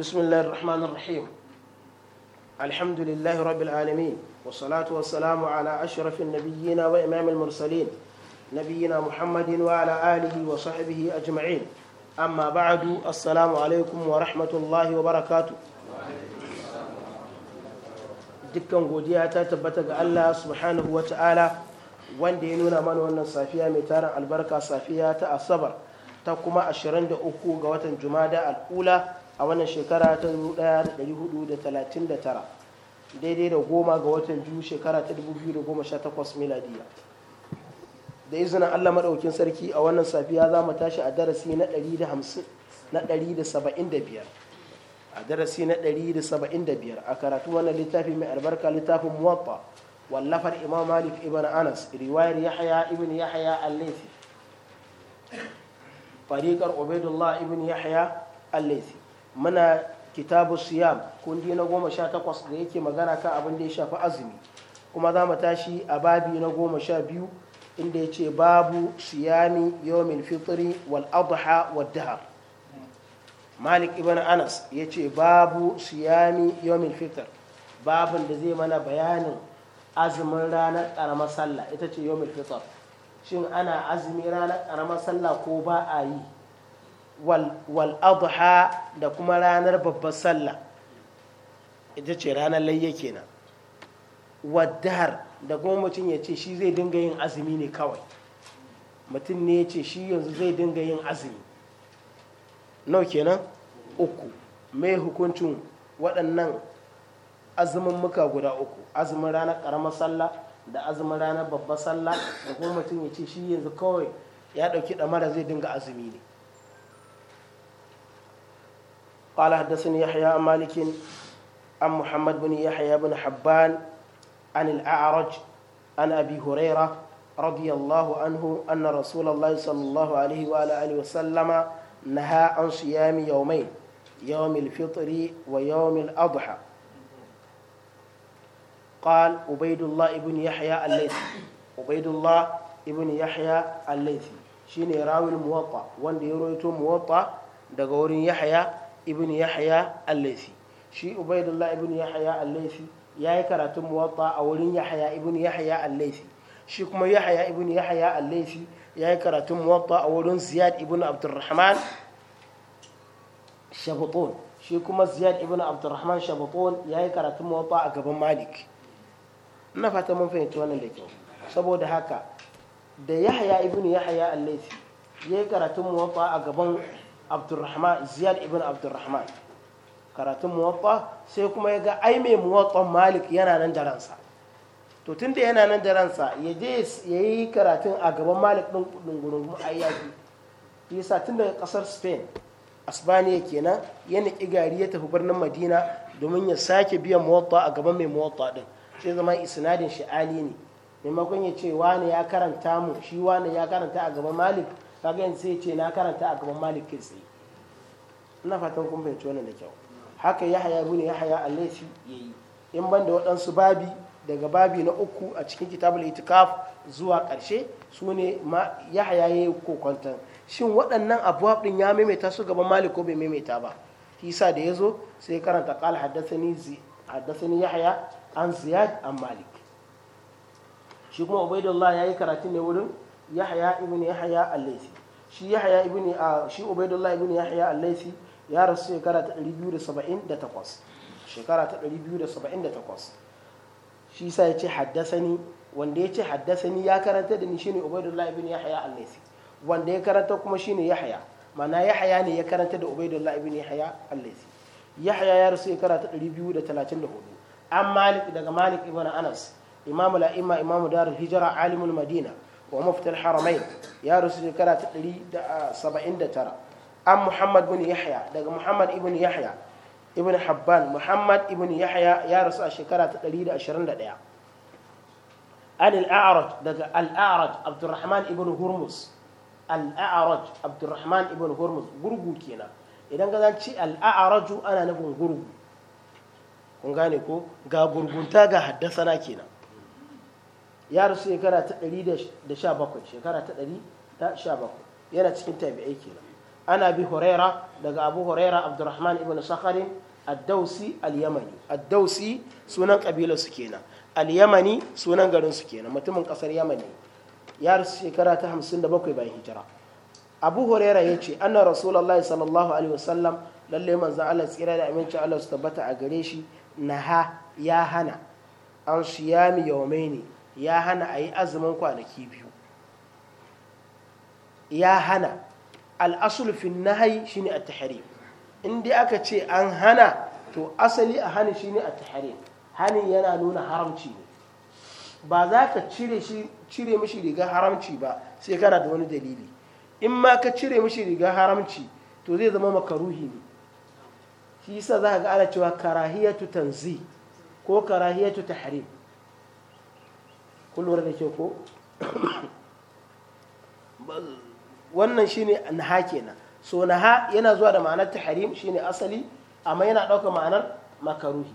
بسم الله الرحمن الرحيم الحمد لله رب العالمين والصلاة والسلام على أشرف النبيين وإمام المرسلين نبينا محمد وعلى آله وصحبه أجمعين أما بعد السلام عليكم ورحمة الله وبركاته dukkan godiya ta tabbata ga Allah subhanahu wa ta'ala wanda ya nuna mana wannan safiya mai tarin albarka safiya ta asabar ta kuma 23 ga watan jumada al'ula a wannan shekara ta 1439 daidai da goma ga watan biyu shekara ta 2018 miladiya da izinin allah maɗaukin sarki a wannan safiya za mu tashi a darasi na 175 a darasi na 175 a karatu wannan littafi mai albarka littafin muwatta wallafar imam malik ibn anas riwayar yahya ibn yahya al-laythi fariqar ubaidullah ibn yahya al-laythi muna kitabu siyam kundi na goma sha takwas da yake magana kan abin da ya shafi azumi kuma za mu tashi a babi na goma sha biyu inda ya ce babu siyami yomin fitri wal adha wal dahar malik ibn anas ya ce babu siyami yomin fitr babin da zai mana bayanin azumin ranar karamar sallah ita ce yomin fitr shin ana azumi ranar karamar sallah ko ba a yi wal adha da kuma ranar babbar sallah ita ce ranar layya kenan Waddahar da kuma mutum ya ce shi zai dinga yin azumi ne kawai mutum ne ya ce shi yanzu zai dinga yin azumi nau kenan uku mai hukuncin waɗannan azumin muka guda uku azumin ranar ƙaramar sallah da azumin ranar babbar sallah da kuma mutum ya ce shi yanzu kawai ya ɗauki ɗamara zai dinga azumi ne قال حدثني يحيى عن مالك عن محمد بن يحيى بن حبان عن الأعرج عن أبي هريرة رضي الله عنه أن رسول الله صلى الله عليه وآله وسلم نهى عن صيام يومين يوم الفطر ويوم الأضحى قال عبيد الله بن يحيى الليثي عبيد الله بن يحيى الليثي شيني راوي الموطأ وان يرويته موطأ دغورين يحيى ibn yahya al-laythi shi ubaidullah ibn yahya al-laythi yayi karatun muwatta a wurin yahya ibn yahya al-laythi shi kuma yahya ibn yahya al-laythi yayi karatun muwatta a wurin ziyad ibn abdurrahman shabatun shi kuma ziyad ibn abdurrahman shabatun yayi karatun muwatta a gaban malik ina fata mun fahimci wannan da kyau saboda haka da yahya ibn yahya al-laythi yayi karatun muwatta a gaban abdurrahman ziyad ibn abdurrahman karatun muwatta sai kuma ya ga ai mai muwattan malik yana nan da ransa to da yana nan da ransa ya je ya yi karatun a gaban malik ɗin ɗungunan ayyaki yasa tun daga ƙasar spain asbaniya kenan ya niƙi gari ya tafi birnin madina domin ya sake biyan muwatta a gaban mai muwatta ɗin sai zama isnadin shi ali ne maimakon ya ce wani ya karanta mu shi wani ya karanta a gaban malik kaga yanzu sai ce na karanta a gaban malik kai ina fatan kun fahimci wannan da kyau haka yahaya ibn yahaya al ya yayi in banda waɗansu babi daga babi na uku a cikin kitabul itikaf zuwa ƙarshe su ne yahaya yayi kokonton shin waɗannan abu din ya maimaita su gaban malik ko bai maimaita ba isa da ya zo sai karanta qala haddathani ya yahaya an ziyad an malik shi kuma ubaidullah yayi karatun ne wurin yahya ibn yahya al-laythi shi yahya ibn uh, shi ubaidullah ibn yahya al-laythi ya rasu shekara ta 278 shekara ta 278 shi sa ya ce haddasani wanda ya ce haddasani ya karanta da ni shine ubaidullah ibn yahya al-laythi wanda ya karanta kuma shine yahya mana yahya ne ya karanta da ubaidullah ibn yahya al-laythi yahya ya rasu shekara ta 234 an malik daga malik ibn anas imamu la'imma imamu darul hijra alimul madina wa muftal haramain ya rasu shekara ta 179 ah, an muhammad bin yahya daga muhammad ibn yahya ibn habban muhammad ibn yahya ya rasu a shekara ta 121 an al-a'raj daga al-a'raj abdurrahman ibn hurmus al-a'raj abdurrahman ibn hurmus gurgu kenan idan ka zanci al-a'raju ana nufin gurgu kun gane ko ga gurgunta ga haddasa na kenan ya rasu shekara ta 117 shekara ta 117 yana cikin tabi'ai kenan ana bi huraira daga abu huraira abdurrahman ibn sakharin addausi al-yamani addausi sunan kabilar su kenan al-yamani sunan garin su kenan mutumin kasar yamani ya rasu shekara ta 57 bayan hijira abu huraira ya ce anna rasulullahi sallallahu alaihi wasallam lalle manzo Allah tsira da aminci Allah su tabbata a gare shi naha ya hana an siyami yawmaini ya hana a yi azumin kwanaki biyu ya hana na hai shi ne a tahari in dai aka ce an hana to asali a hana ne a tahari hani yana nuna haramci ne ba za ka cire shi riga haramci ba sai kana da wani dalili in ma ka cire mashi riga haramci to zai zama makaruhi ne shi yasa za ka ga ana cewa karahiyatu tanzi ko karahiyatu tahrim kullum da ke ko wannan shine naha kenan so naha yana zuwa da ma'anar tahrim shine asali amma yana ɗauka ma'anar makaruhi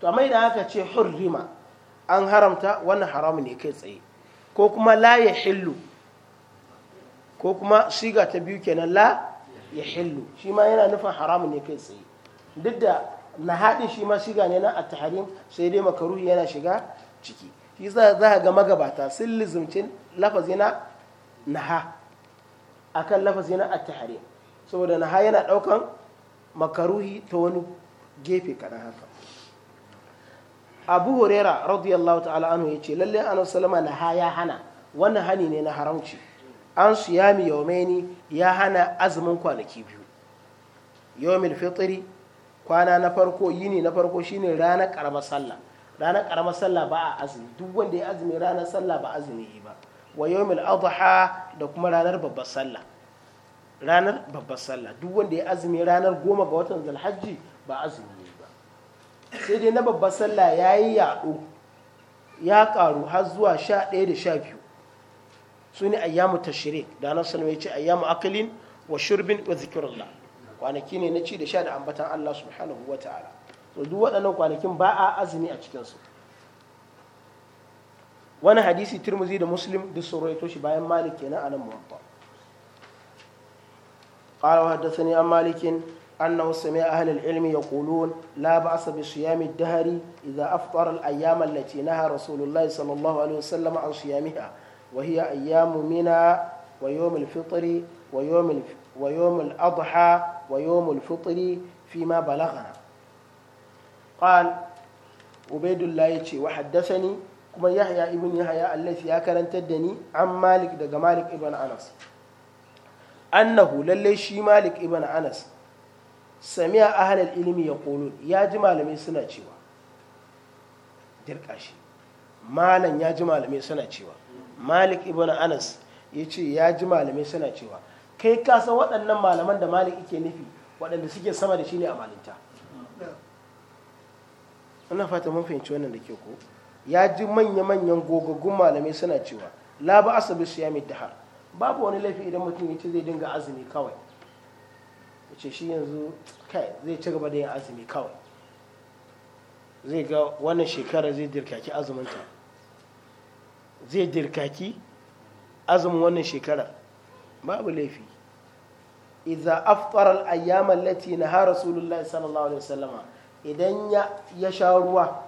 to amma idan aka ce hurrima an haramta wannan haramun ne kai tsaye ko kuma la ya hillu ko kuma shiga ta biyu kenan la ya hillu shi ma yana nufin haramun ne kai tsaye duk da na haɗin shi ma shiga ne na a tahrim sai dai makaruhi yana shiga ciki shi za a ga magabata sun lizumcin lafazi na naha akan lafazi na saboda naha yana daukan makaruhi ta wani gefe kadan haka abu horera radiyallahu ta'ala ya ce lalle annabi salama naha ya hana wannan hani ne na haramci an su siyami yawmaini ya hana azumin kwanaki biyu yawmil fitiri kwana na farko yini na farko shine ranar karamar sallah ranar karamar sallah ba a azumi duk wanda ya azumi ranar sallah ba azumi yi ba wa yawmil adha da kuma ranar babbar sallah ranar babbar sallah duk wanda ya azumi ranar goma ga watan zulhajji ba azumi yi ba sai dai na babbar sallah yi yaɗo ya karu har zuwa sha ɗaya da sha biyu su ne ayyamu tashrik da nan salama ce ayyamu akalin wa shurbin wa zikirullah kwanaki ne na ci da sha da ambatan Allah subhanahu wa ta'ala duk waɗannan kwanakin ba a azumi a cikinsu wani hadisi turmuzi da muslim da surato shi bayan malik kenan a nan mawamba haddasa ne an malikin annahu sami ahalil ilmi ya kulun la ba asa bi suyami dahari idza aftara al-ayyam allati naha rasulullahi sallallahu alaihi an suyamiha wa hiya ayyamu mina wa yawm al-fitr wa yawm wa yawm adha wa yawm al fi ma balaghana qal ubaidullah yace wa ni kuma yahya ibn yahya allazi ya karantar da ni an malik daga malik ibn anas annahu lallai shi malik ibn anas sami'a ahlal ilmi yaqulun ya ji malamai suna cewa dirka shi malam ya ji malamai suna cewa malik ibn anas ya ce ya ji malamai suna cewa kai ka waɗannan malaman da malik yake nufi waɗanda suke sama da shi ne a malinta ina fata mun fahimci wannan da ke ko ya ji manya-manyan gogaggun malamai suna cewa la su asabi siyami dahar babu wani laifi idan mutum ya ce zai dinga azumi kawai ya ce shi yanzu kai zai ci gaba da yin azumi kawai zai ga wannan shekara zai dirkaki azuminta zai dirkaki azumin wannan shekarar babu laifi idza aftara al-ayyama allati nahara rasulullahi sallallahu alaihi wasallama idan ya sha ruwa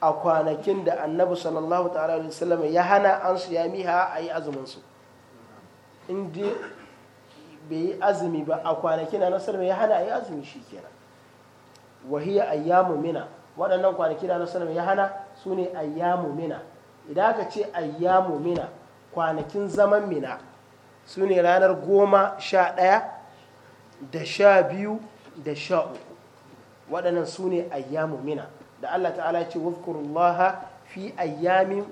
a kwanakin da annabi sallallahu ta'ala wa sallam ya hana an su yami ha a yi azumin su in bai yi azumi ba a kwanakin na sallam ya hana a yi azumi shi kenan wahiyar ayyamu mina waɗannan kwanakin na sallam ya hana su ne ayyamu mina idan aka ce ayyamu mina kwanakin zaman mina su ne ranar goma sha ɗaya da sha biyu da sha uku waɗannan su ne ayyamu mina da Allah ta'ala ce wafkurullaha fi ayyamin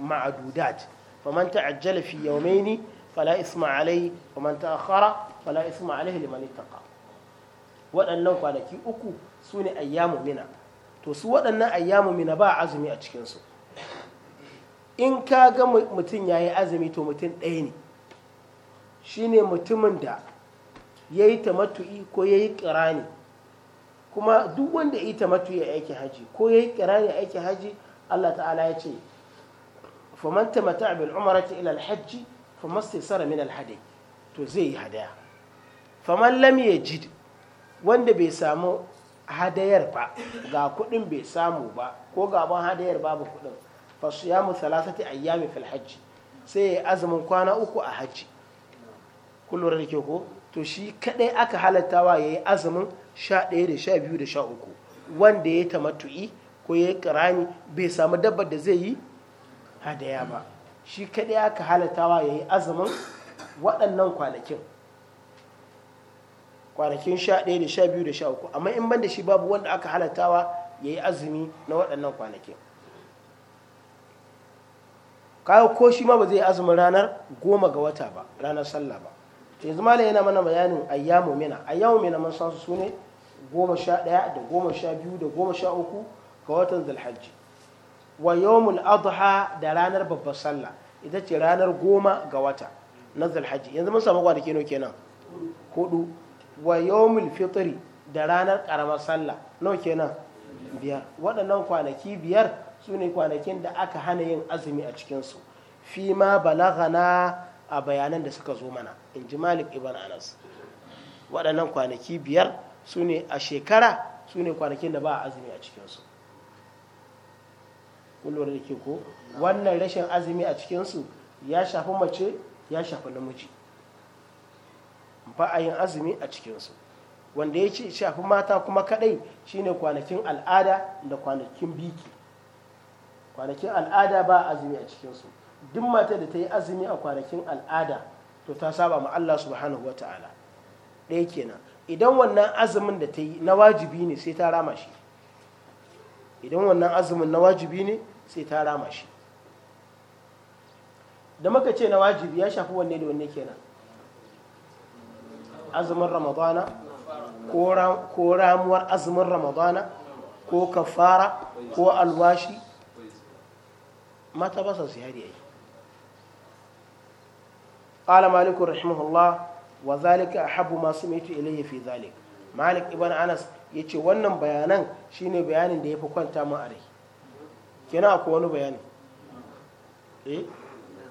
ma'adudat faman ta'ajjala fi yawmaini fala isma alai faman ta'akhara fala isma alai liman ittaqa waɗannan kwanaki uku su ne ayyamu mina to su waɗannan ayyamu mina ba azumi a cikin su. in ka ga mutum yayi azumi to mutum ɗaya ne shine mutumin da yayi yi tamattu'i ko yayi yi ƙirani kuma duk wanda ita matu ya aiki haji ko ya yi kirani aiki haji Allah ta'ala ya ce faman mata bil umarata ila alhaji hajji sara min alhade to zai yi hadaya faman lam jid wanda bai samu hadayar ba ga kudin bai samu ba ko gaban hadayar babu kudin fa siyamu salasati ayyami fil hajji sai azumin kwana uku a haji kullum da ko to shi kadai aka halattawa ya yi azumin sha ɗaya da sha biyu da sha uku wanda ya tamatu'i ko ya yi bai samu dabbar da zai yi hadaya ba shi kadai aka halattawa ya yi azumin waɗannan kwanakin kwanakin sha ɗaya da sha biyu da sha uku amma in ban da shi babu wanda aka halattawa ya yi azumi na waɗannan kwanakin kawo ko shi ma ba zai azumin ranar goma ga wata ba ranar sallah ba to zama da yana mana bayanin ayyamu mina ayyamu mina mun san su ne goma sha ɗaya da goma sha biyu da goma sha uku ga watan zulhajji wa yawmul adha da ranar babbar sallah ita ce ranar goma ga wata na zulhajji yanzu mun samu kwanaki nawa kenan hudu wa yawmul fitri da ranar karamar sallah nawa kenan biyar waɗannan kwanaki biyar sune kwanakin da aka hana yin azumi a cikinsu fi ma balagana a bayanan da suka zo mana in ji malik ibn anas waɗannan kwanaki biyar su ne a shekara su ne kwanakin da ba a azumi a cikinsu kullum da ke ko wannan rashin azumi a cikinsu ya shafi mace ya shafi namiji baayin azumi a cikinsu wanda ya ce shafi mata kuma kadai shine kwanakin al'ada da kwanakin biki kwanakin al'ada ba azumi a cikinsu duk mata da ta yi azumi a kwanakin al'ada to ta saba ma Allah subhanahu wa ta'ala ɗaya kenan idan wannan azumin da ta yi na wajibi ne sai ta rama shi idan wannan azumin na wajibi ne sai ta rama shi da muka ce na wajibi ya shafi wanne da wanne kenan azumin ramadana ko ramuwar azumin ramadana ko kafara ko alwashi mata ba su hari ai قال مالك رحمه wa zalika أحب ما sumitu إليه في ذلك malik ابن anas يتي wannan bayanan shine bayanin da yafi kwanta min a rai kenan akwai wani bayani eh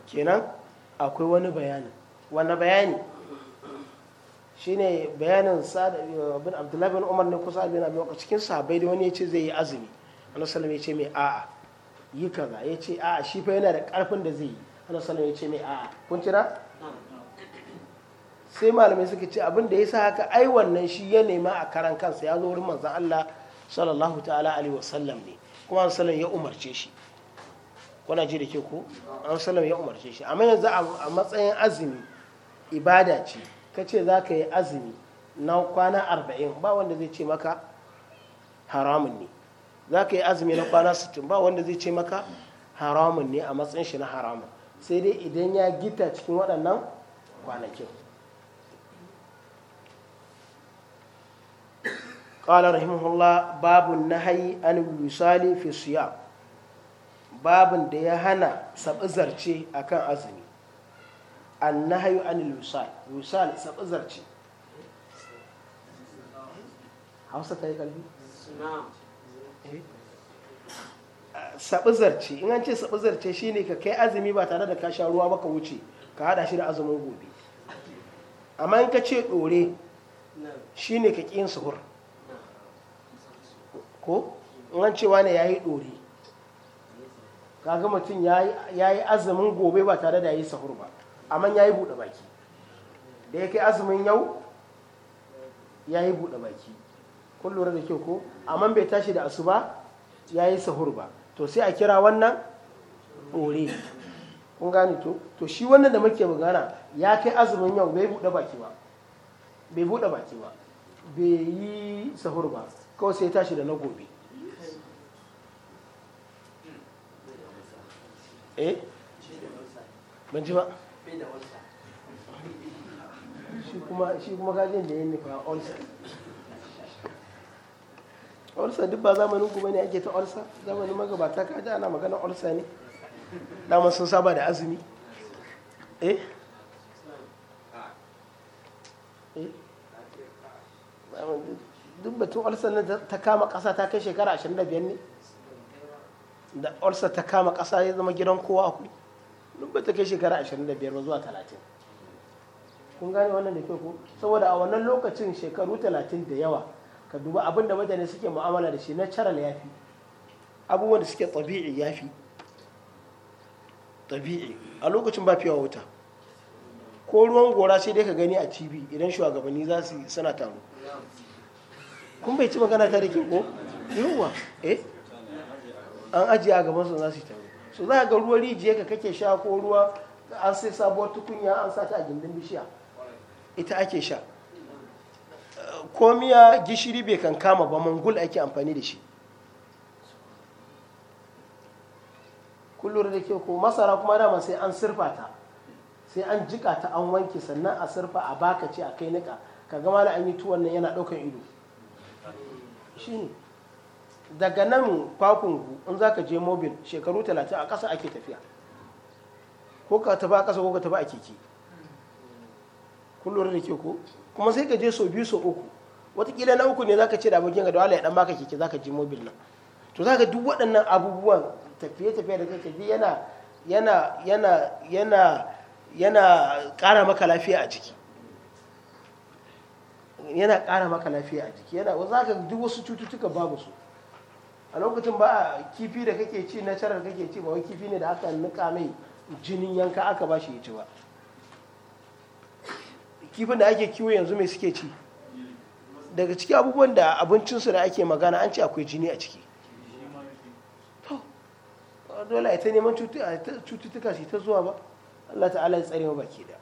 kenan akwai wani bayani shine bayanin bin abdullahi bin umar ne kusa abin abin cikin sahabai da wani ya ce zai yi azumi annabi sallallahu ya ce mai a'a yi kaza ya ce a'a shi fa yana da karfin da zai yi annabi sallallahu ya ce mai a'a kun tira sai malamai suka ce abin da ya sa haka ai wannan shi ya nema a karan kansa ya zo wurin manzan Allah sallallahu ta'ala alaihi wasallam ne kuma sallam ya umarce shi kuna ji da ke ko an sallam ya umarce shi amma yanzu a matsayin azumi ibada ce ka ce za ka yi azumi na kwana arba'in ba wanda zai ce maka haramun ne za ka yi azumi na kwana sittin ba wanda zai ce maka haramun ne a matsayin shi na haramun sai dai idan ya gita cikin waɗannan kwanakin قال رحمه الله باب النهي عن الوصال في الصيام باب da ya hana sabzarce akan azumi النهي عن الوصال وصال sabzarce Hausa ta yi kalbi? sabizarce in an ce sabizarce shine ka kai azumi ba tare da ka sha ruwa ba ka wuce ka hada shi da azumin gobe amma in ka ce dore shine ka ƙin suhur ko in an cewa ne ya yi ɗore kaga mutum ya yi azumin gobe ba tare da ya yi sahur ba amma ya yi buɗe baki da ya kai azumin yau ya yi buɗe baki kun lura da kyau ko amma bai tashi da asuba ya yi sahur ba to sai a kira wannan ɗore kun gane to to shi wannan da muke magana ya kai azumin yau bai buɗe baki ba bai buɗe baki ba bai yi sahur ba kawai sai tashi da na gobe eh ban ji ba shi kuma kajin da ya nufa olsa olsa duk ba zamanin kuma ne ake ta olsa zamanin magabata kaji ana magana olsa ne dama sun saba da azumi eh eh duk batun olsa na ta kama ƙasa ta kai shekara 25 ne da olsa ta kama ƙasa ya zama gidan kowa ku duk ba ta kai shekara 25 ba zuwa 30 kun gane wannan da kyau ko saboda a wannan lokacin shekaru 30 da yawa ka duba abin da mutane suke mu'amala da shi na caral ya fi abubuwan da suke tabi'i ya fi tabi'i a lokacin ba fiye wuta ko ruwan gora sai dai ka gani a tv idan shugabanni za su suna taro kun bai ci magana ta da ke ko yiwuwa eh an ajiye a gaban su za su taru su za ga ruwa rijiya ka kake sha ko ruwa an sai sabuwar tukunya an sa ta a gindin bishiya ita ake sha ko gishiri bai kan kama ba mangul ake amfani da shi kullum da ke ko masara kuma dama sai an sirfa ta sai an jika ta an wanke sannan a surfa a baka ce a kai nika ka gama da an yi tuwon nan yana ɗaukan ido ne daga nan kwakungu in za ka je mobil shekaru 30 a ƙasa ake tafiya ko ka tafi a ƙasa ko ka tafi a keke kullum da ke ko kuma sai ka je so biyu so uku watakila na uku ne za ka ce da abokin ka da ya dan baka keke za ka je mobil nan to za ka duk waɗannan abubuwan tafiye-tafiye da kake yana yana yana yana yana ƙara maka lafiya a jiki yana ƙara maka lafiya a jiki yana za ka duk wasu cututtuka babu su a lokacin ba kifi da kake ci na carar kake ci ba wai kifi ne da aka nika mai jinin yanka aka ba shi ya ci ba kifin da ake kiwo yanzu mai suke ci daga ciki abubuwan da abincinsu da ake magana an ce akwai jini a ciki dole a ta neman cututtuka shi ta zuwa ba Allah ta'ala ya tsare baki da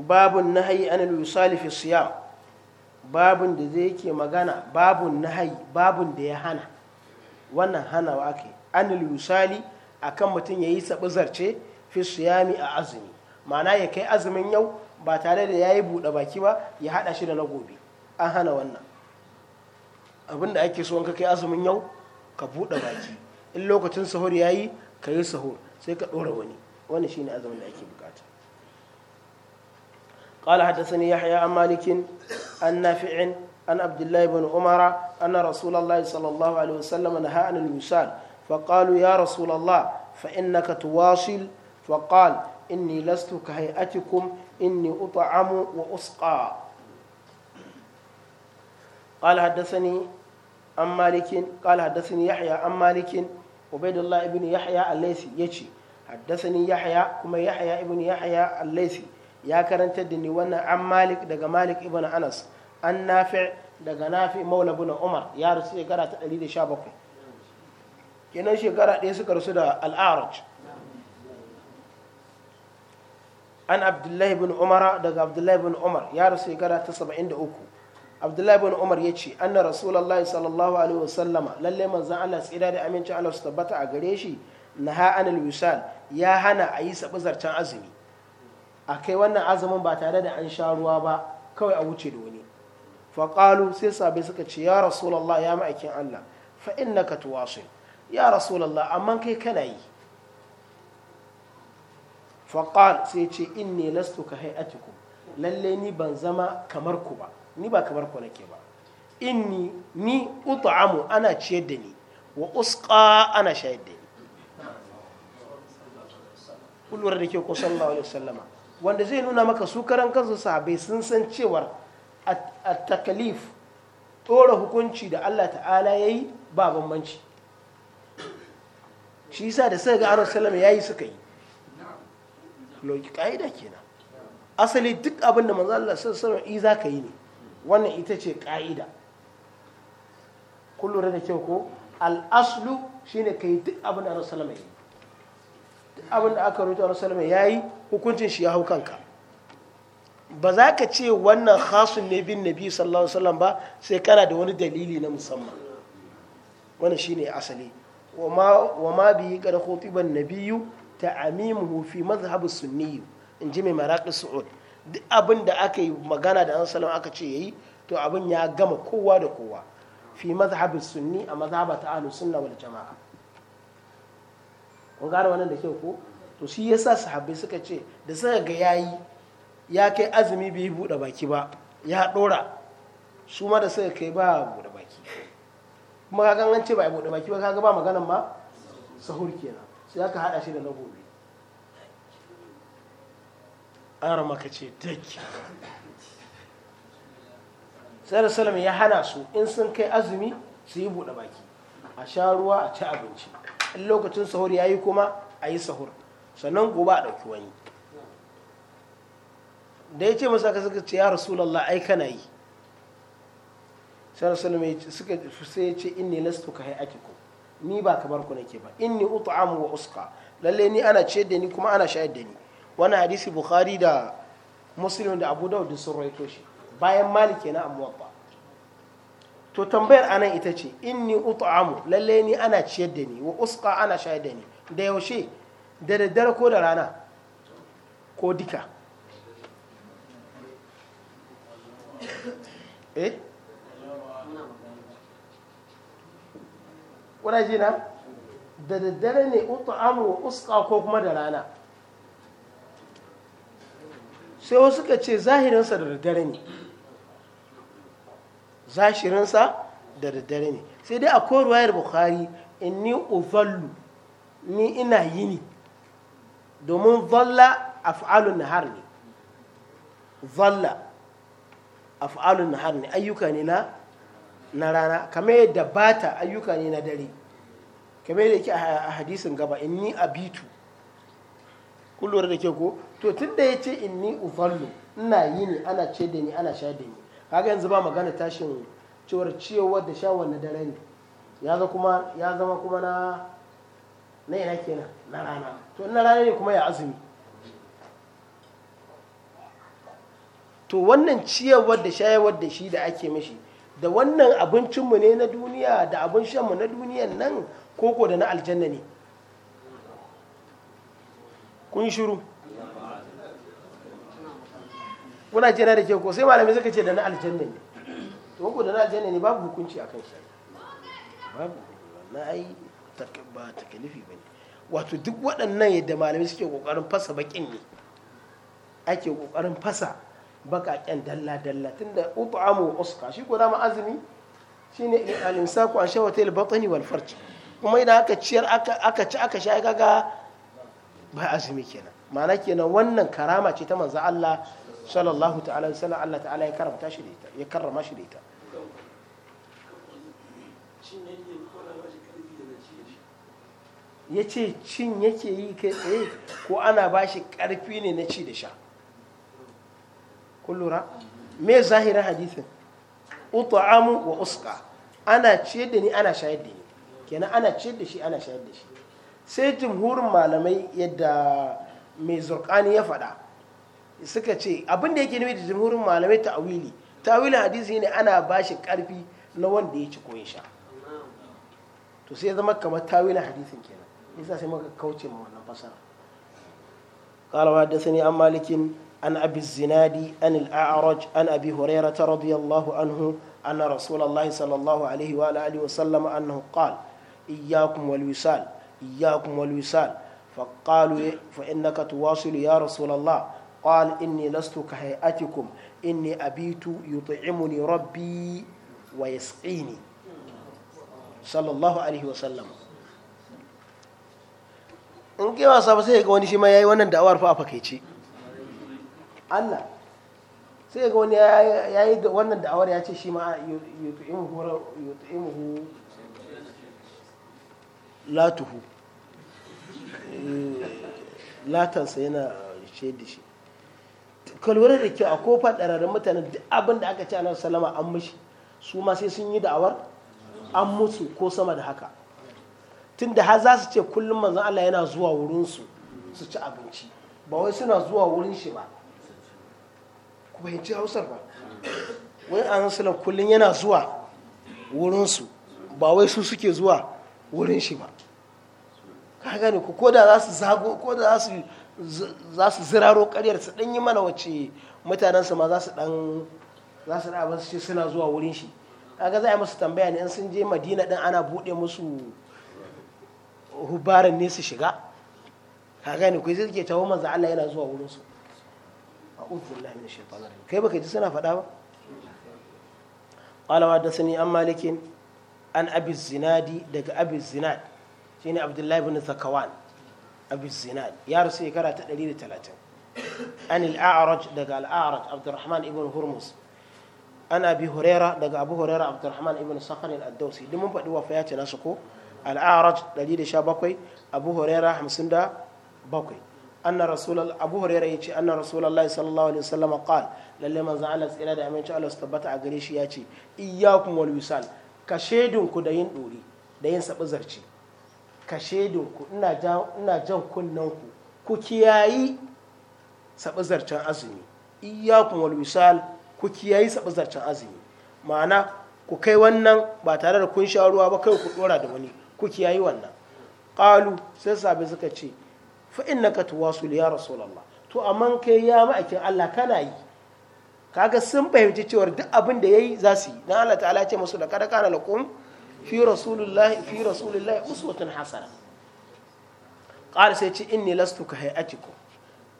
babun nahayi an ana fi siyam babun da zai yake magana babun nahayi babun da ya hana wannan hana wa ake an lusali akan mutum yayi zarce fi siyami a azumi mana ya kai azumin yau ba tare da yayi buɗe baki ba ya haɗa shi da na gobe an hana wannan abinda ake so ka kai azumin yau ka buɗe baki in lokacin sahur yayi ka yi sahur sai ka ɗora wani wannan shine azumin da ake bukata قال حدثني يحيى عن مالك عن نافع عن عبد الله بن عمر أن رسول الله صلى الله عليه وسلم نهى عن الوصال فقالوا يا رسول الله فإنك تواصل فقال إني لست كهيئتكم إني أطعم وأسقى قال حدثني عن مالك قال حدثني يحيى عن مالك عبيد الله بن يحيى الليثي يجي حدثني يحيى كما يحيى ابن يحيى الليثي ya karanta da ni wannan an malik daga malik ibn anas an nafi daga nafi maula bin umar ya rasu shekara ta 117 kenan shekara ɗaya suka rasu da al'araj an abdullahi bin Umar daga abdullahi bin umar ya rasu shekara ta 73 abdullahi bin umar ya ce an anna rasulallah sallallahu alaihi wasallama lalle manzan allah tsira da aminci allah su tabbata a gare shi na ha'anil wisal ya hana a yi sabi zarcen azumi a kai wannan azumin ba tare da an sha ruwa ba kawai a wuce da wani faƙalu sai sabai suka ce ya rasulallah ya ma'aikin allah fa innaka tuwasil ya rasulallah amma kai kana yi faƙal sai ce inni lastu ka hay'atikum lalle ni ban zama kamar ku ba ni ba kamar ku nake ba inni ni ut'amu ana ciyar da ni wa usqa ana shayar da ni kullum da ke ko sallallahu alaihi wasallama wanda zai nuna maka su karan kansu sahabai sun san cewar a takalif ɗora hukunci da Allah ta'ala ya yi ba bambanci shi yasa da suka ga arun salama ya yi suka yi loki kenan asali duk abin da manzo Allah sanar yi za ka yi ne wannan ita ce ƙa'ida Kullum da kyau ko al-aslu ka yi duk abin da arun salama yi abin da aka rubuta rasulullah ya yi hukuncin shi ya hau kanka ba za ka ce wannan hasun ne bin nabi sallallahu ala'uwa ba sai kana da wani dalili na musamman shi shine asali wa ma bi qad khutiban nabiyyu amimu fi madhhab sunni in ji mai maraƙi su'ud duk abin da aka yi magana da salama aka ce ya yi to abin ya gama kowa da kowa fi madhhab sunni a madhhabata ahlu sunna wal jama'a kun gane wannan da kyau ko to shi ya sa sahabbai suka ce da suka ga ya yi ya kai azumi bai buɗe baki ba ya ɗora su ma da suka kai ba buɗe baki kuma ka gangan ce ba a buɗe baki ba kaga ba maganan ma sahur kenan ya ka haɗa shi da na gobe maka ce daki sai da ya hana su in sun kai azumi su yi buɗe baki a sha ruwa a ci abinci in lokacin sahur ya yi kuma a yi sahur sannan gobe a ɗauki wani da ya ce masa ka suka ce ya rasulallah ai kana yi sai yace suka sai ya ce inni lastu ka ku ni ba kamar ku nake ba inni ut'amu wa uska lalle ni ana ce da ni kuma ana shayar da ni wani hadisi bukhari da muslim da abu dawud sun rawaito shi bayan malik na amma to tambayar anan ita ce inni ut'amu lalle ni ana ciyar da ni wa usqa ana shayar da ni da yaushe da daddare ko da rana ko duka eh kuna ji na da daddare ne ut'amu wa usqa ko kuma da rana sai wasu ka ce zahirinsa da daddare ne zashirinsa da daddare ne sai dai a ruwayar bukhari ni uvallu ni ina yini domin zalla af'alun nahar ne zalla af'alun nahar ne ayyuka ne na na rana kamar yadda bata ayyuka ne na dare kame yadda yake a hadisin gaba in ni abitu kullum da ke ko to tun da ya ce in ni uzallu ina yini ana ce da ni ana sha da ni kaga yanzu ba magana tashin cewar ciyowar da shawar na dare ne ya zama kuma na na ina kenan na rana to na rana ne kuma ya azumi to wannan ciyarwar da shayarwar da shi da ake mashi da wannan abincinmu ne na duniya da abin shanmu na duniyan nan koko da na aljanna ne kun shiru kuna jira da ke ko sai malamai suka ce da na aljanna ne to ko da na aljanna ne babu hukunci akan shi babu na ai ba takalifi bane wato duk waɗannan yadda malamai suke kokarin fasa bakin ne ake kokarin fasa bakaken dalla dalla tunda ut'amu uska shi ko ma azumi shine al-imsaku an shawatil batni wal farj kuma idan aka ciyar aka ci aka sha kaga ba azumi kenan ma'ana kenan wannan karama ce ta manzo Allah sallallahu ta'ala wa sallam Allah ta'ala ya karama shi da ita ya karrama shi da ita ya ce cin yake yi kai tsaye ko ana ba shi ƙarfi ne na ci da sha kun lura me zahirin hadithin amu wa uska ana ciyar da ni ana shayar da ni kenan ana ciyar da shi ana shayar da shi sai jumhurin malamai yadda mai zurkani ya faɗa suka ce abin da yake nufi da jumhurin malamai ta'awili tawilin hadisi ne ana bashi karfi na wanda ya ci ko ya sha to sai zama kamar ta'awilin hadisin kenan yasa sai muka kauce ma wannan fasara قال an عن مالك عن أبي الزناد عن الأعرج عن أبي anhu رضي الله sallallahu alaihi wa الله wa الله عليه وآله وسلم أنه قال إياكم والوسال إياكم fa فقالوا فإنك تواصل يا ya rasulallah. قال إني لست كهيئتكم إني أبيت يطعمني ربي ويسقيني صلى الله عليه وسلم in wasa ba sai ga wani shi ma yayi wannan da'awar fa a ce Allah sai ga wani yayi wannan da'awar ya ce shi ma yut'imuhu yut'imuhu latuhu latansa yana ce da shi ka lura da kyau a kofar ɗararrun mutane duk abin da aka ci a salama an mushi su ma sai sun yi da'awar an musu ko sama da haka tun da za su ce kullum manzan Allah yana zuwa wurinsu su ci abinci ba wai suna zuwa wurin shi ba ku fahimci hausar ba wai an sallam kullum yana zuwa wurinsu ba wai su suke zuwa wurin shi ba ka gane ko da za su zago ko da za su za su ziraro karyar su ɗin yi mana wace mutanensu ma za su ɗan za su ɗan abinci suna zuwa wurin shi kaga za a yi musu tambaya ne in sun je madina ɗin ana buɗe musu hubarin ne su shiga ka gane kai zai ke tawo manzo Allah yana zuwa wurin su a'udhu billahi minash shaitanir rajim kai baka ji suna faɗa ba qala wa dasani an malikin an abi zinadi daga abi zinad shine abdullahi ibn zakawan abu zinad ya rasu shekara ta 130 an al-a'raj daga al-a'raj abdurrahman ibn hurmus an abi huraira daga abu huraira abdurrahman ibn sakhar al-dawsi duk mun faɗi wafaya ce nasu ko al-a'raj 117 abu huraira 57 anna rasul abu huraira yace anna rasulullahi sallallahu alaihi wasallam qal lalle manzo Allah tsira da aminci Allah ya ce a gare shi yace iyyakum wal wisal ku da yin dori da yin sabu zarci kashe ku ina jan kunnen ku ku kiyayi saɓi zarcen azumi iyakun kuma misal ku kiyayi saɓi zarcen azumi ma'ana ku kai wannan ba tare da kun sha ruwa ba kai ku ɗora da wani ku kiyayi wannan ƙalu sai sabi suka ce fa inna ka tuwasul ya rasulallah to amma kai ya ma'aikin Allah kana yi kaga sun fahimci cewar duk abin da yayi zasu yi dan Allah ta'ala ce musu da kada kana lakum fi rasulillahi fi rasulillahi uswatun hasana qala sai ce inni lastu ka hayatikum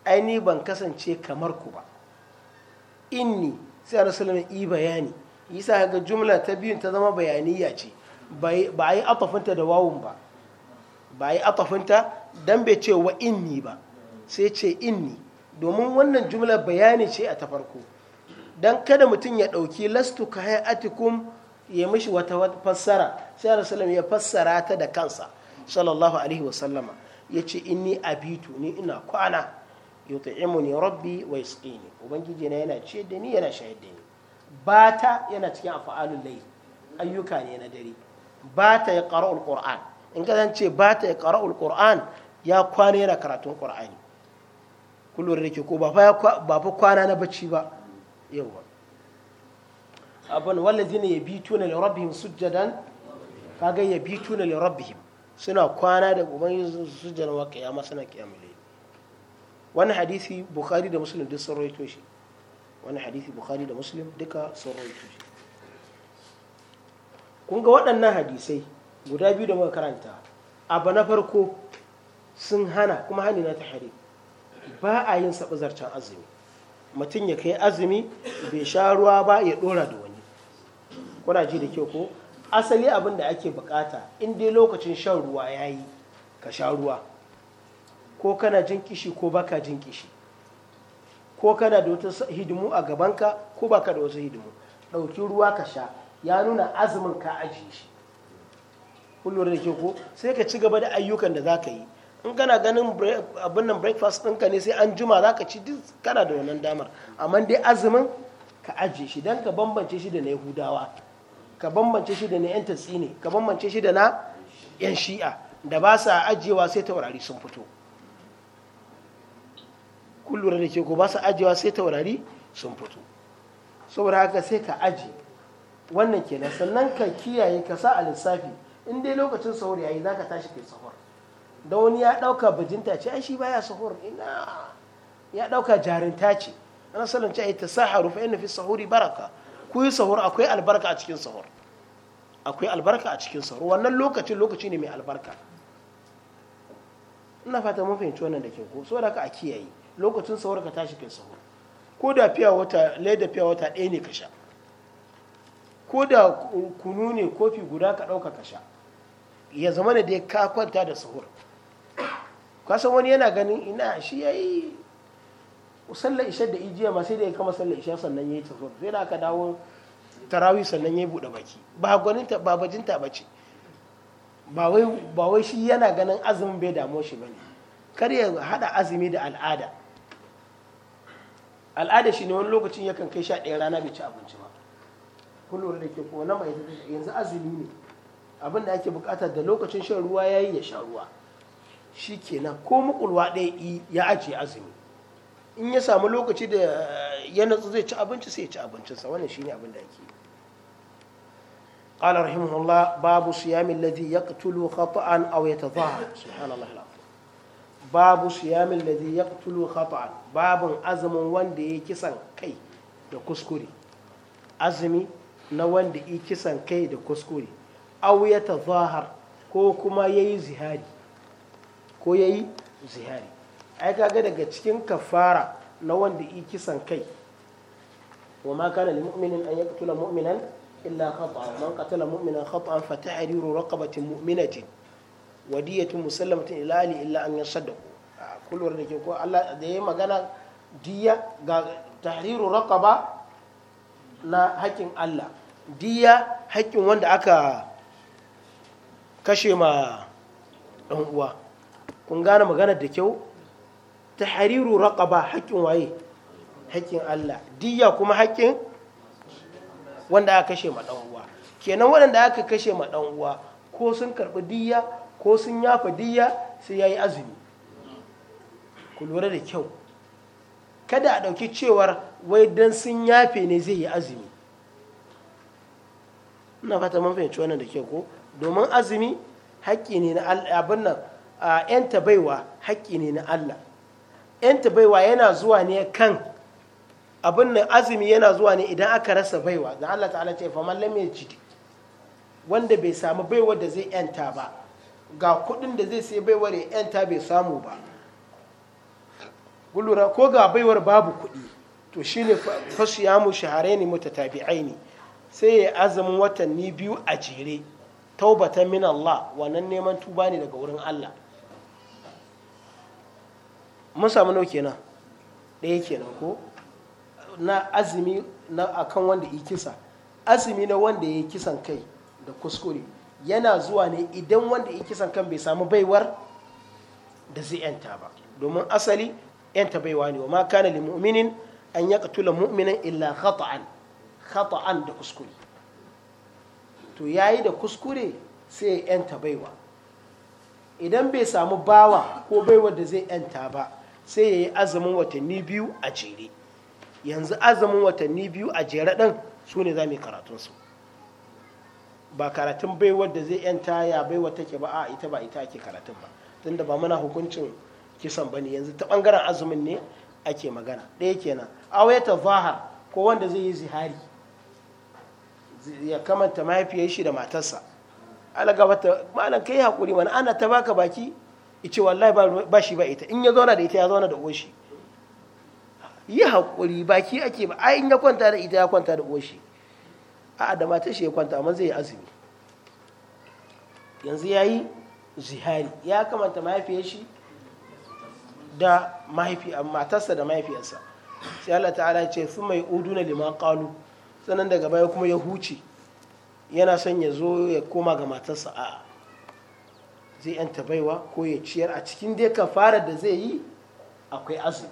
ai ban kasance kamar ku ba inni sai annabi sallallahu bayani yasa ga jumla ta biyun ta zama bayaniya ce ba a yi atafinta da wawun ba ba a yi atafinta don bai ce wa inni ba sai ce inni domin wannan jumla bayani ce a ta farko don kada mutum ya ɗauki lastu ka hayatikum ya mishi wata fassara sai rasulullah ya fassara ta da kansa sallallahu alaihi wasallama ya ce inni abitu ni ina kwana yut'imuni rabbi wa yasqini ubangiji na yana ce da ni yana shayar da ni bata yana cikin afa'alun lai ayyuka ne na dare bata ya qara'ul qur'an in ka zance bata ya qara'ul qur'an ya kwana yana karatun kur'ani kullum da ke ko ba fa kwana na bacci ba yawa abin bi yabituna li rabbihim sujjadan kaga tuna li rabihim suna kwana da ubangijin su sujjadan wa kiyama suna kiyamul layl wani hadisi bukhari da muslim duk sun rawaito shi wani hadisi bukhari da muslim duka sun rawaito shi kun ga waɗannan hadisai guda biyu da muka karanta abu na farko sun hana kuma hani na tahari ba a yin sabu zarcen azumi mutum ya kai azumi bai sha ruwa ba ya ɗora da kuna ji da kyau ko asali abin da ake bukata in dai lokacin shan ruwa ya yi ka sha ruwa ko kana jin kishi ko baka jin kishi ko kana da wata hidimu a gabanka ko baka da wata hidimu ɗauki ruwa ka sha ya nuna azumin ka aji shi kullum da ke ko sai ka ci gaba da ayyukan da za ka yi in kana ganin abin nan breakfast ɗinka ne sai an juma za ka ci duk kana da wannan damar amma dai azumin ka ajiye shi don ka bambance shi da na yahudawa ka bambance shi da na 'yan ne ka bambance shi da na 'yan shi'a da ba sa ajiyewa sai taurari sun fito kullum da ke ko ba sa ajiyewa sai taurari sun fito saboda haka sai ka aji wannan kenan sannan ka kiyaye ka sa a lissafi in dai lokacin sahur yayi za ka tashi kai sahur da wani ya ɗauka bajinta ce ai shi baya sahur ina ya ɗauka jarinta ce ana salon ce ai ta saharu fa inna fi sahuri baraka ku yi sahur akwai albarka a cikin sahur akwai albarka a cikin sahur wannan lokacin lokaci ne mai albarka ina fata mun fahimci wannan da ke ko da ka a kiyaye lokacin sahur ka tashi kai sahur ko da fiya wata da fiya wata ɗaya ne ka sha ko da kunu ne kofi guda ka ɗauka ka sha ya zama da dai ka kwanta da sahur kasan wani yana ganin ina shi ya yi sallar isha da ijiya ma sai da ya kama sallar isha sannan ya yi tafiya sai da aka dawo tarawih sannan ya yi buɗe baki ba gwaninta ba bajinta ba ce ba wai shi yana ganin azumin bai damu shi ba ne kar ya haɗa azumi da al'ada al'ada shi ne wani lokacin yakan kai sha ɗaya rana bai ci abinci ba kullum da ke kowane mai yanzu azumi ne abin da ake bukata da lokacin shan ruwa ya yi ya sha ruwa shi kenan ko mukulwa ɗaya ya ajiye azumi in ya samu lokaci da ya natsu zai ci abinci sai ya ci sa wannan shi ne abin da ake ƙalar rahimahullah babu siyamin ladi ya ƙatulu khata'an aw ya taza babu siyamin ladi ya khata'an babun azumin wanda ya ki san kai da kuskure azumi na wanda ya ki san kai da kuskure aw ya ko kuma yayi zihari ko yayi zihari ai kaga daga cikin kafara na wanda yi kisan kai wa ma kana lil mu'minin an yaqtula mu'minan illa khata'a man qatala mu'minan khata'an fa tahriru raqabatin mu'minatin wadiyatun musallamatin ila ali illa an yasaddaqu kulwar da ke ko Allah da yayi magana diya ga tahriru raqaba na haƙin Allah diya haƙin wanda aka kashe ma ɗan uwa kun gane magana da kyau tahriru raqaba haƙƙin waye haƙƙin Allah diyya kuma haƙƙin wanda aka kashe ma dan uwa kenan waɗanda aka kashe ma dan uwa ko sun karbi diyya ko sun yafa diyya sai yayi azumi ku lura da kyau kada a ɗauki cewa wai dan sun yafe ne zai yi azumi ina fata mun fahimci wannan da kyau ko domin azumi haƙƙi ne na Allah abin nan 'yan baiwa haƙƙi ne na Allah yanta baiwa yana zuwa ne kan abin nan azumi yana zuwa ne idan aka rasa baiwa da Allah ta'ala ce fa mallam ya ci wanda bai samu baiwa da zai yanta ba ga kudin da zai sai baiwar ya yanta bai samu ba gulura ko ga baiwar babu kudi to shine fasu ya mu shaharai ne tabi'ai ne sai ya azumin watanni biyu a jere taubatan min Allah wannan neman tuba ne daga wurin Allah mun samu nau kenan ɗaya kenan ko na azumi na akan wanda yi kisa azumi na wanda ya kisan kai da kuskure yana zuwa ne idan wanda yi kisan kan bai samu baiwar da zai yanta ba domin asali yanta baiwa ne wa ma kana li mu'minin an katula mu'minan illa khata'an khata'an da kuskure to yayi da kuskure sai yanta baiwa idan bai samu bawa ko baiwar da zai yanta ba sai ya yi azumin watanni biyu a jere yanzu azumin watanni biyu a jere ɗin su ne za mu yi karatunsu ba karatun bai wadda zai yanta ya bai wata ke ba a ita ba ita ake karatun ba tun da ba muna hukuncin kisan ba ne yanzu ta ɓangaren azumin ne ake magana ɗaya kenan ta zahar ko wanda zai yi zihari ya kamanta mahaifiyar shi da matarsa alagabata malam kai hakuri mana ana ta baka baki ice wallahi ba shi ba ita in ya zauna da ita ya zauna da uwar shi yi haƙuri baki ake ba ai in ya kwanta da ita ya kwanta da uwar shi a da mata shi ya kwanta amma zai yi azumi yanzu ya yi zihari ya kamanta mahaifiyar shi da mahaifiyar matarsa da mahaifiyarsa sai Allah ta'ala ce su mai uduna liman qalu sannan daga baya kuma ya huce yana son ya zo ya koma ga matarsa a'a zai yanta baiwa ko ya ciyar a cikin dai fara da zai yi akwai azumi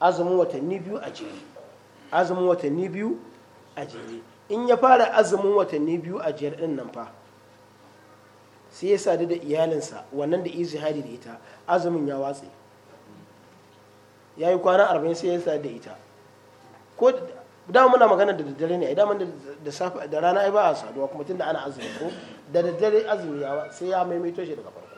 azumin watanni biyu a jere azumin watanni biyu a jere in ya fara azumin watanni biyu a jere din nan fa sai ya sadu da iyalinsa wannan da izihari da ita azumin ya watse ya yi kwana arba'in sai ya sadu da ita ko da muna magana da daddare ne idan da rana ai ba a saduwa kuma tunda ana azumi ko da daddare azumi yawa sai ya maimaito shi daga farko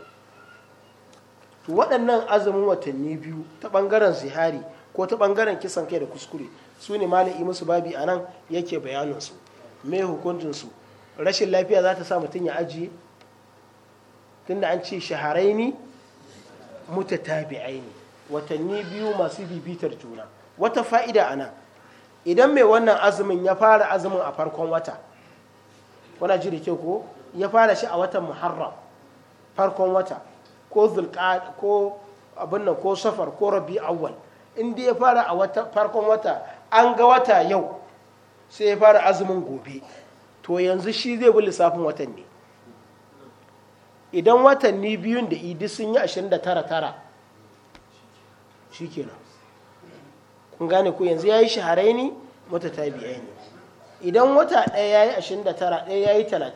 to waɗannan azumin watanni biyu ta ɓangaren zihari ko ta ɓangaren kisan kai da kuskure su ne malai musu babi a nan yake bayaninsu mai hukuncinsu rashin lafiya za ta sa mutum ya ajiye tunda an ce shaharai shaharaini ne watanni biyu masu bibitar juna wata fa'ida a nan idan mai wannan azumin ya fara azumin a farkon wata wana ji da kyau ko ya fara shi a watan muharram farkon wata ko zulqa ko abin nan ko safar ko rabi awwal in ya fara a wata farkon wata an ga wata yau sai ya fara azumin gobe to yanzu shi zai bi lissafin watan ne idan watanni biyun da idi sun yi 29 tara kenan kun gane ko yanzu ya yi shaharai ne ta biya ne idan wata ɗaya ya yi 29 ɗaya ya yi 30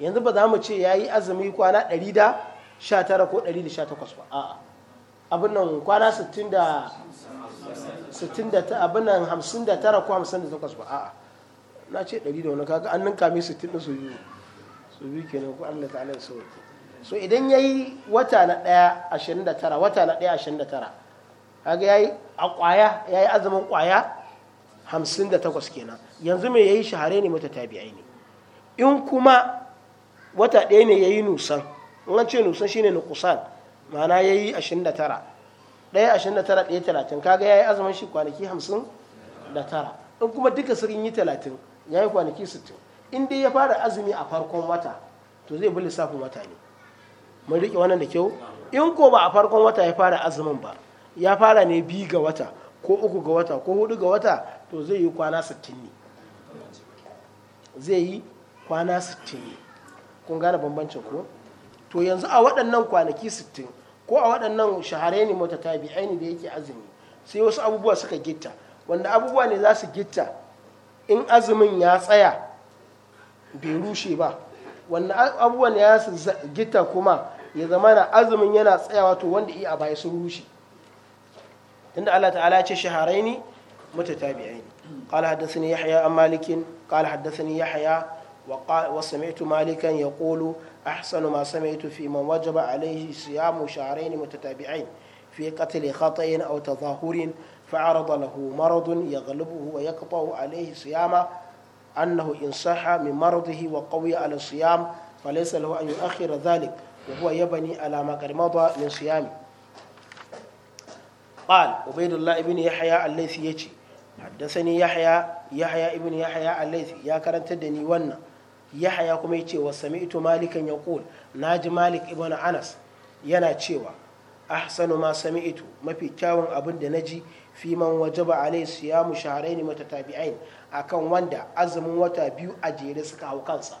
yanzu ba za mu ce ya yi azumi kwana 119 ko 118 ba a abin nan kwana 60 abin nan 59 ko 58 ba a na ce 100 da wani kaga an ninka mai 60 din su yi su biyu kenan ko Allah ta'ala ya sauke so idan yayi wata na 1 29 wata na 1 29 kaga yayi a kwaya yayi azumin kwaya 58 kenan yanzu me yayi shahare ne mutatabi'ai ne in kuma wata ɗaya ne ya yi nusan in an ce nusan shine na kusan ma'ana ya yi 29 ɗaya 29 ɗaya 30 kaga ya yi azumin shi kwanaki 59 in kuma duka sun yi 30 ya yi kwanaki 60 in dai ya fara azumi a farkon wata to zai bi lissafin wata ne mun riƙe wannan da kyau in ko ba a farkon wata ya fara azumin ba ya fara ne bi ga wata ko uku ga wata ko hudu ga wata to zai yi kwana 60 ne zai yi kwana 60 ne kun gane bambancin ko to yanzu a waɗannan kwanaki 60 ko a waɗannan shahararri ne da yake azumi sai wasu abubuwa suka gitta wanda abubuwa ne za su gitta in azumin ya tsaya bai rushe ba wanda abubuwa ne ya su gitta kuma ya zama na azumin yana tsayawa to wanda iya baya sun rushe inda Allah ta'ala ce shahararri ya قال حدثني يحيى عن مالك قال حدثني يحيى وقال وسمعت مالكا يقول أحسن ما سمعت في من وجب عليه صيام شهرين متتابعين في قتل خطأ أو تظاهر فعرض له مرض يغلبه ويقطع عليه صيامه أنه إن صح من مرضه وقوي على الصيام فليس له أن يؤخر ذلك وهو يبني على ما قد مضى من صيامه قال عبيد الله بن يحيى الليثي يجي حدثني يحيى يحيى ابن يحيى الليثي يا كرنت دني ونّا yahaya kuma ya ce wa sami'tu malikan na ji malik ibn anas yana cewa ahsanu ma sami'tu mafi kyawun abin da na fi man wajaba alai siyamu mata a akan wanda azumin wata biyu a jere suka hau kansa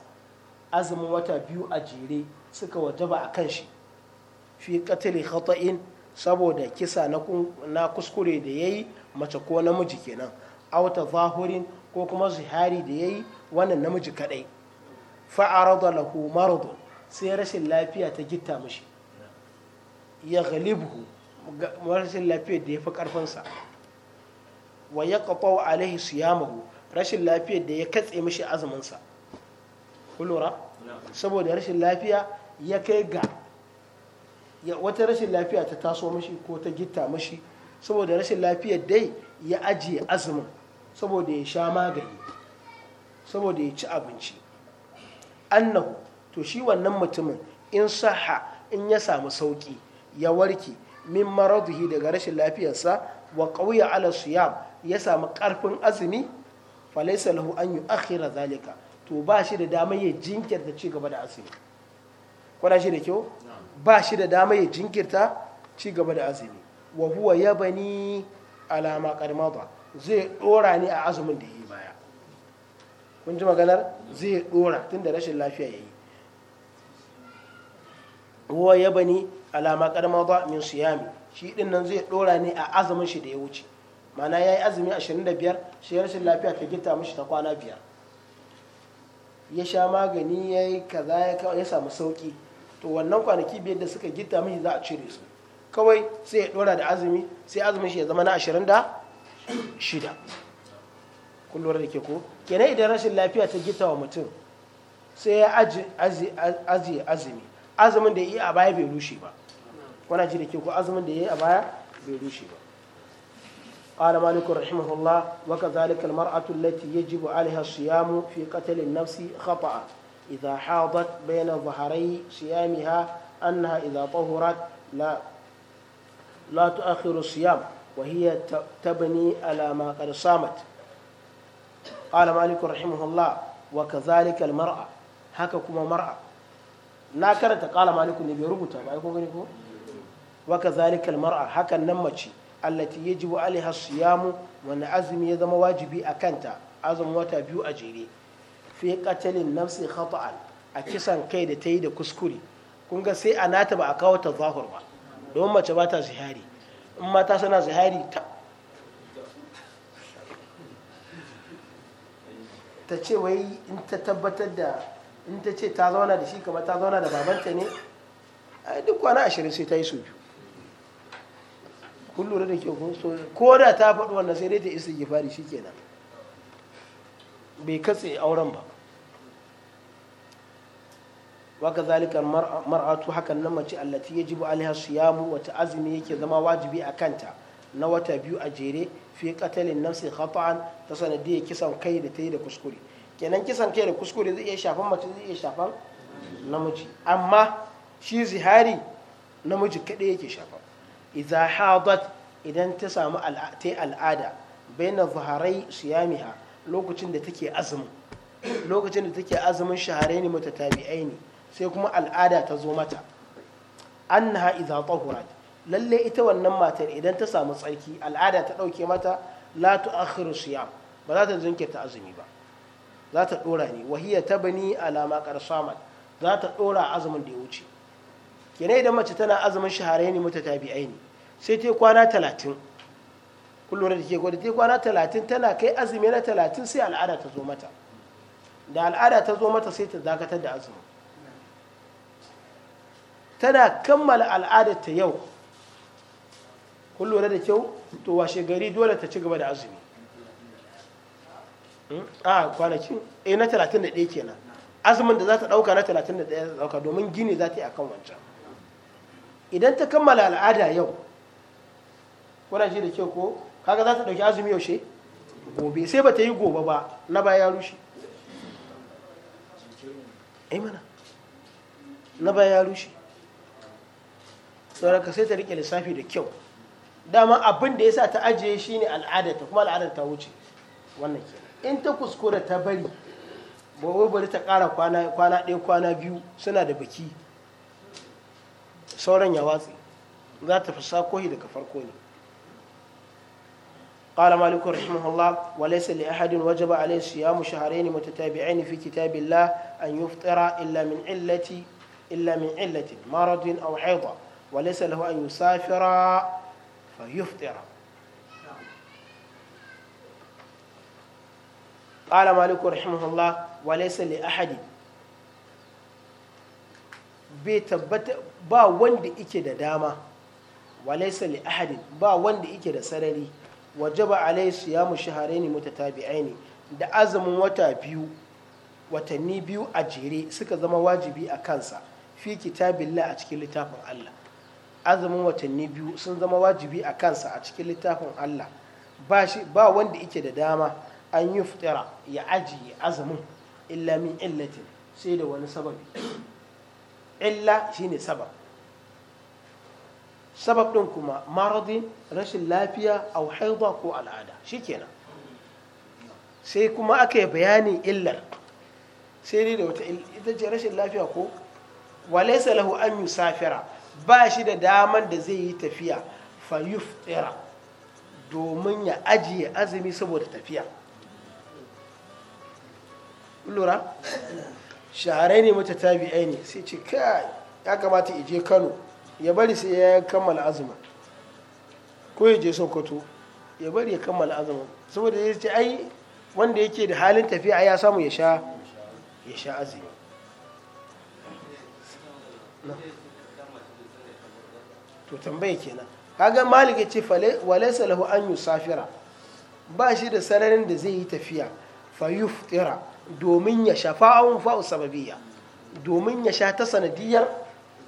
azumin wata biyu a jere suka wajaba a kan shi fi qatli khata'in saboda kisa na kuskure da ya yi mace ko namiji kenan auta zahurin ko kuma zihari da ya yi wannan namiji kadai fa'arada na maradun sai rashin lafiya ta gitta mashi ya galibu rashin lafiyar da ya fi ƙarfinsa wa ya kaɓa wa alaihi siyamahu rashin lafiyar da ya katse mashi azuminsa kulura saboda rashin lafiya ya kai ga wata rashin lafiya ta taso mashi ko ta gitta mashi saboda rashin lafiyar dai ya ajiye azumin saboda ya sha magani saboda ya ci abinci annahu to shi wannan mutumin in saha in ya samu sauki ya warke min maraduhi daga rashin lafiyarsa wa qawya ala siyam ya samu karfin azumi falaisa lahu an yu'akhkhira zalika to ba shi da dama ya jinkirta ci gaba da azumi da shi da kyau ba shi da dama ya jinkirta ci gaba da azumi wa huwa yabani ala ma zai dora ne a azumin da kun ji maganar zai dora tun da rashin lafiya ya yi wa ya bani alama karma ba min siyami shi din nan zai dora ne a azumin shi da ya wuce mana ya yi azumi 25 shi rashin lafiya ta gita mishi ta kwana biyar ya sha magani ya yi kaza ya samu sauki to wannan kwanaki biyar da suka gita mishi za a cire su kawai sai ya dora da azumi sai azumin shi ya zama na 26 kun da ke ko kenan idan rashin lafiya ta gita wa mutum sai ya ajiye azumi azumin da ya yi a baya bai rushe ba wana ji da ke ko azumin da ya yi a baya bai rushe ba قال مالك رحمه الله وكذلك المرأة التي يجب عليها الصيام في قتل النفس خطأ إذا حاضت بين ظهري صيامها أنها إذا طهرت لا لا تؤخر الصيام وهي تبني على ما قد صامت qala malik rahimahullah wa kadhalika mar'a haka kuma mar'a na karanta qala ne bai rubuta ba mar'a hakan nan mace allati yajibu alaiha siyamu wani azumi ya zama wajibi a kanta azumin wata biyu a jere fi qatalin nafsi khata'an a kisan kai da tayi da kuskure kun sai a nata ba a kawo tazahur ba don mace ba ta zihari in mata suna zihari ta ce wai in ta tabbatar da in ta ce ta zauna da shi kamar ta zauna da babanta ne duk kwana ashirin sai ta yi su kun lura da kyau ko da ta faɗi wannan sai dai ta isa gifari shi kenan bai katse auren ba waka zalika mar'atu hakan na mace allati yajibu alaiha siyamu wata azumi yake zama wajibi a kanta na wata biyu a jere fi katalin nafsi khata'an ta sanadiyar kisan kai da ta yi da kuskure kenan kisan kai da kuskure zai iya shafan mace zai iya shafan namiji amma shi zihari namiji kaɗai yake shafa idza hadat idan ta samu ta al'ada baina zuharai siyamiha lokacin da take azumin lokacin da take azumin shaharai ne mata tabi'ai ne sai kuma al'ada ta zo mata annaha idza tahurat lalle ita wannan matar idan ta samu tsarki al'ada ta ɗauke mata la tu'akhiru siyam ba za ta jinkirta azumi ba za ta ɗora ne wahiya ta bani alama ƙarsaman za ta ɗora azumin da ya wuce kenan idan mace tana azumin shaharai ne mata tabi'ai ne sai ta kwana talatin kullum da ke gwada ta kwana talatin tana kai azumi na talatin sai al'ada ta zo mata da al'ada ta zo mata sai ta dakatar da azumi. tana kammala al'adar ta yau kun lura da kyau to washe gari dole ta ci gaba da azumi hmm? a kwanaki eh na 31 kenan azumin da za ta dauka na 31 za ta dauka domin gini za ta yi akan wancan idan ta kammala al'ada yau kuna shi da kyau ko kaga za ta dauki azumi yaushe gobe sai ba ta yi gobe ba na baya ya rushe ai eh, mana na baya ya rushe sauraka sai ta rike lissafi da kyau dama abin da ya sa ta ajiye shi ne al'adarta kuma al'adar ta wuce wannan ke in ta kuskura ta bari ba bari ta ƙara kwana ɗaya kwana biyu suna da baki sauran ya watsi za ta fi sakohi daga farko ne قال مالك رحمه الله وليس لأحد وجب عليه صيام شهرين متتابعين في كتاب الله أن يفطر إلا من علة إلا من علة مرض أو حيضة وليس له أن يسافر فيفطر قال مالك رحمه الله وليس لأحد bai tabbata ba wanda ike da dama walaisa li ba wanda ike da sarari wajaba alai siyamu shaharaini ne da azumin wata biyu watanni biyu a jere suka zama wajibi a kansa fi kitabillah a cikin littafin Allah azumin watanni biyu sun zama wajibi a kansa a cikin littafin Allah ba wanda yake da dama an yi fitira ya ajiye azumin illa min illatin sai da wani sababi illa shine sabab sabab din kuma maradi rashin lafiya au haida ko al'ada shikenan sai kuma aka yi bayani illar sai dai da wata ita ce rashin lafiya ko walaisa lahu an yusafira ba shi da daman da zai yi tafiya fayyuf tsira domin ya ajiye azumi saboda tafiya lura shaharai ne mata tabi'ai ne sai ce kai ya kamata ije kano ya bari sai ya kammala azumin ko ya je sokoto ya bari ya kammala azumin saboda ya ce ai wanda yake da halin tafiya ya samu ya sha ya sha azumi to tambaye kenan kaga malik yace ce walaysa lahu an yusafira ba shi da sararin da zai yi tafiya fa yuftira domin ya shafa fa'awun fa sababiyya domin ya sha ta sanadiyar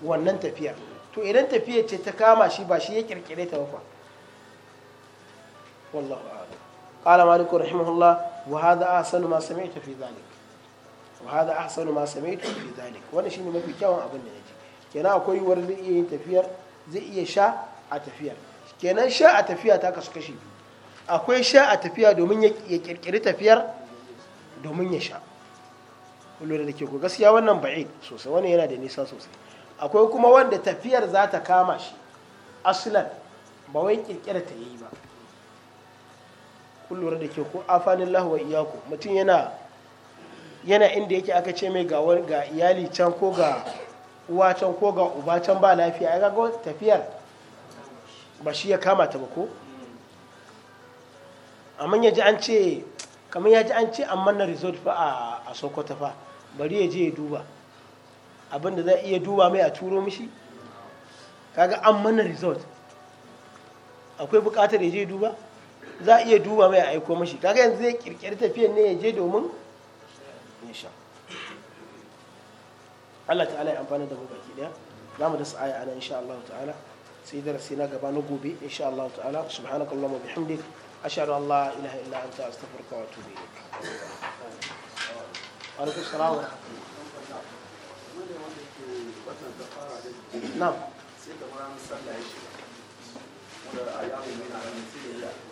wannan tafiyar to idan tafiyar ce ta kama shi ba shi ya kirkire ta wafa wallahu a'lam qala malik rahimahullah wa hada ahsan ma sami'tu fi dhalik wa hada ahsan ma sami'tu fi dhalik wannan shine mafi kyawun abin da yake kenan akwai yiwuwar yin tafiyar zai iya sha a tafiya kenan sha a tafiya ta kasu kashi akwai sha a tafiya domin ya kirkiri tafiyar domin ya sha kullum da ke ku gaskiya wannan ba'id sosai wani yana da nisa sosai akwai kuma wanda tafiyar za ta kama shi asilan ba wai kirkira ta yi ba kullum da ke ku afanin lahuwa iyaku mutum yana yana inda yake aka ce mai ga iyali can ko ga uwa can ko ga uba can ba lafiya ya ga tafiyar ba shi ya kama ta ba ko amma ya ji an ce kamar ya ji an ce an manna resort fa a sokoto fa bari ya je ya duba abinda zai iya duba mai a turo mishi kaga an manna resort akwai bukatar ya je duba za a iya duba mai a aiko mashi kaga yanzu zai kirkiri tafiyan ne ya je domin nisha. Allah ta'ala ya amfani da mu baki daya za mu dasa aya ana insha Allah ta'ala sai darasi na gaba na gobe insha Allah ta'ala subhanakallahumma bihamdik ashhadu an la ilaha illa anta astaghfiruka wa atubu ilaik wa alaikum sai da wanda